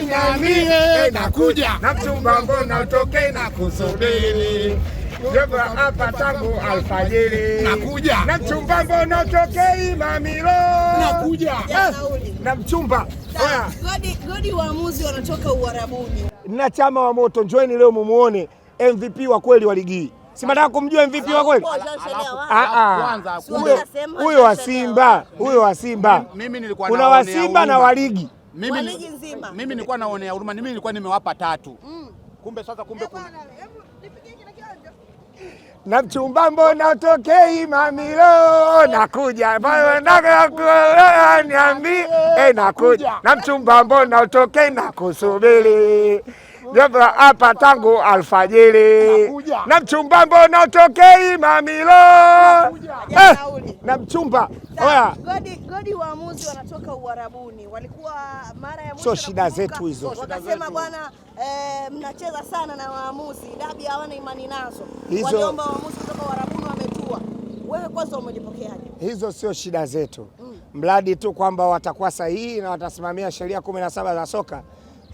niambie, eh, nakuja na chumba mbona utoke na kusubiri Jogo hapa tangu alfajiri. Nakuja. Na mchumba mbona tokei mamilo? Nakuja. Yes. Eh, na mchumba. Godi godi waamuzi wanatoka Uarabuni. Na chama wa moto njoeni leo mumuone MVP wa kweli wa ligi. Si mnataka kumjua MVP wa kweli? Ah, ah. Huyo wa Simba, huyo wa Simba. Kuna wa Simba na wa ligi mimi nzima. Mimi nilikuwa naonea huruma, mimi nilikuwa nimewapa tatu mm. Kumbe sasa, kumbe kuna na mchumba mbona tokei mamilo nakuja niambi nakuja eh, na mchumba mbona tokei nakusubiri Jopo hapa tangu alfajiri na mchumba, mbona utokei Mamilo eh, na mchumba oya. Godi, godi waamuzi wanatoka Uarabuni, walikuwa mara ya mwisho. So shida zetu hizo, wakasema bwana eh, mnacheza sana na waamuzi, dabi hawana imani nazo, Hizo. waliomba waamuzi kutoka Uarabuni, wametua. Wewe kwanza umejipokeaje? hizo? Sio shida zetu mm, mradi tu kwamba watakuwa sahihi na watasimamia sheria kumi na saba za soka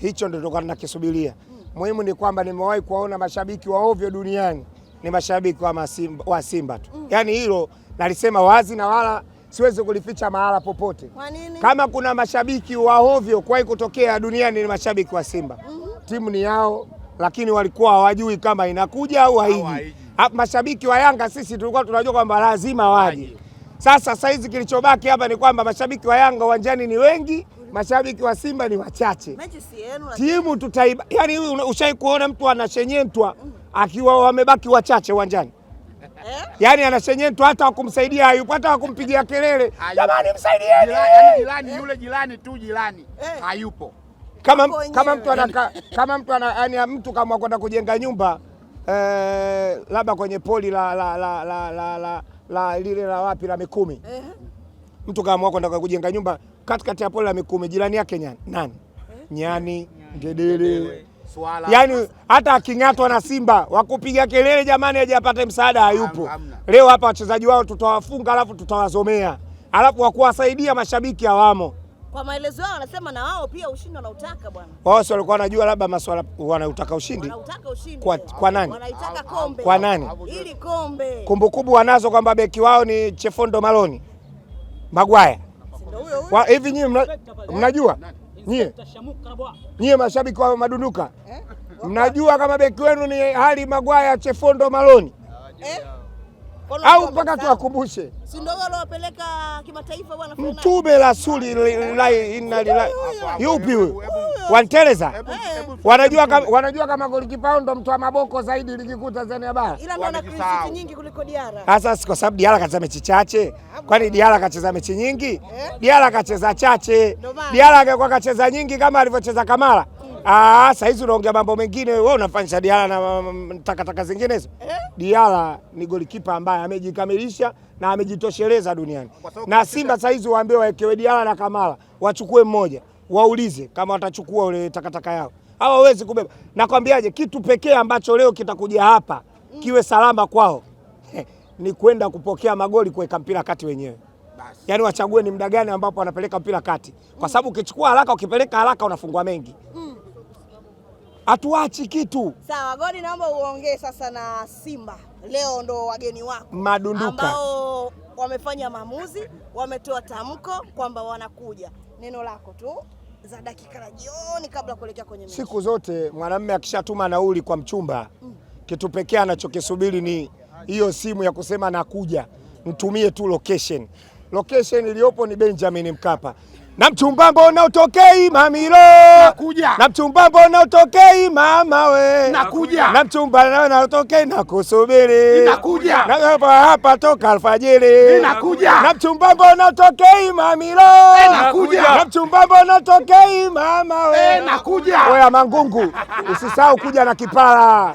hicho ndio tokana nakisubiria. Muhimu ni kwamba nimewahi kuwaona mashabiki wa ovyo duniani ni mashabiki wa masimba, wa Simba tu mm. Yaani hilo nalisema wazi na wala siwezi kulificha mahala popote. Kwa nini? Kama kuna mashabiki wa ovyo kuwahi kutokea duniani ni mashabiki wa Simba mm -hmm. Timu ni yao, lakini walikuwa hawajui kama inakuja au haiji. Mashabiki wa Yanga sisi tulikuwa tunajua kwamba lazima waje. Sasa saizi kilichobaki hapa ni kwamba mashabiki wa Yanga uwanjani ni wengi mm mashabiki wa Simba ni wachache, timu tutaiba. Yani ushai kuona mtu anashenyentwa akiwa wamebaki wachache uwanjani eh? Yani anashenyentwa hata wakumsaidia hayupo, hata wakumpigia kelele jamani, msaidieni jirani, yaani- yaani eh? yule jirani tu jirani eh? hayupo. Kama, kama mtu anaka, kama mtu ana, yani mtu yaani kama kwenda kujenga nyumba eh, labda kwenye poli la la la la la lile la wapi la Mikumi, eh? mtu kama kwenda kujenga nyumba katikati ya pole la Mikumi, jirani yake eh? nyani nani? Nyani, ngedere, swala. Yani hata aking'atwa na simba wakupiga kelele jamani, hajapata msaada, hayupo. Leo hapa wachezaji wao tutawafunga, alafu tutawazomea, alafu wakuwasaidia mashabiki hawamo. Kwa maelezo yao wanasema na wao pia ushindi wanautaka bwana. Wao sio walikuwa wanajua labda maswala wanautaka ushindi. Wanautaka ushindi. Kwa, kwa nani? Wanaitaka kombe. Kwa nani? Ili kombe. Kumbukumbu wanazo kwamba beki wao ni Chefondo Maloni. Magwaya hivi nyie mnajua eh? nyie nyie mashabiki wa madunduka eh? mnajua kama beki wenu ni hali Magwaya Chefondo Maloni eh? au mpaka tuwakumbushe mtume rasuli yupi huyo? wanteleza wanajua kama wanajua kama golikipa ndo mtu wa maboko zaidi ligi kuu Tanzania bara. Ila maana nyingi kuliko Diara. Sasa kwa sababu Diara kacheza mechi chache, kwani Diara kacheza mechi nyingi? Eh? Diara kacheza chache. Diara angekuwa kacheza nyingi kama alivyocheza Kamara. Mm. Ah, hizi unaongea mambo mengine wewe, unafanyisha Diara na mm, takataka zingine hizo. Eh? Diara ni golikipa ambaye amejikamilisha na amejitosheleza duniani, na Simba saa hizi waambie waekewe Diara na Kamara, wachukue mmoja waulize kama watachukua ule takataka yao. Hawawezi kubeba. Nakwambiaje, kitu pekee ambacho leo kitakuja hapa kiwe salama kwao ni kwenda kupokea magoli, kuweka mpira kati wenyewe. Yaani wachague ni muda gani ambapo wanapeleka mpira kati, kwa sababu ukichukua haraka, ukipeleka haraka unafungwa mengi. Mm. Hatuachi kitu. Sawa, Godi, naomba uongee sasa na Simba. Leo ndo wageni wako madunduka ambao wamefanya maamuzi, wametoa tamko kwamba wanakuja. Neno lako tu za dakika la jioni kabla kuelekea kwenye mechi. Siku zote mwanamume akishatuma nauli kwa mchumba mm. kitu pekee anachokisubiri ni hiyo simu ya kusema nakuja, mtumie tu location. Location iliyopo ni Benjamin Mkapa na mchumba mbona utokei mamiro nakuja, na mchumba mbona utokei mama we nakuja, na mchumba mbona utokei kusubiri nakuja, na hapa hapa toka alfajiri eh, nakuja, na mchumba mbona utokei mamiro nakuja, na mchumba mbona utokei mama we eh, nakuja. Oya Mangungu, usisahau kuja na kipara.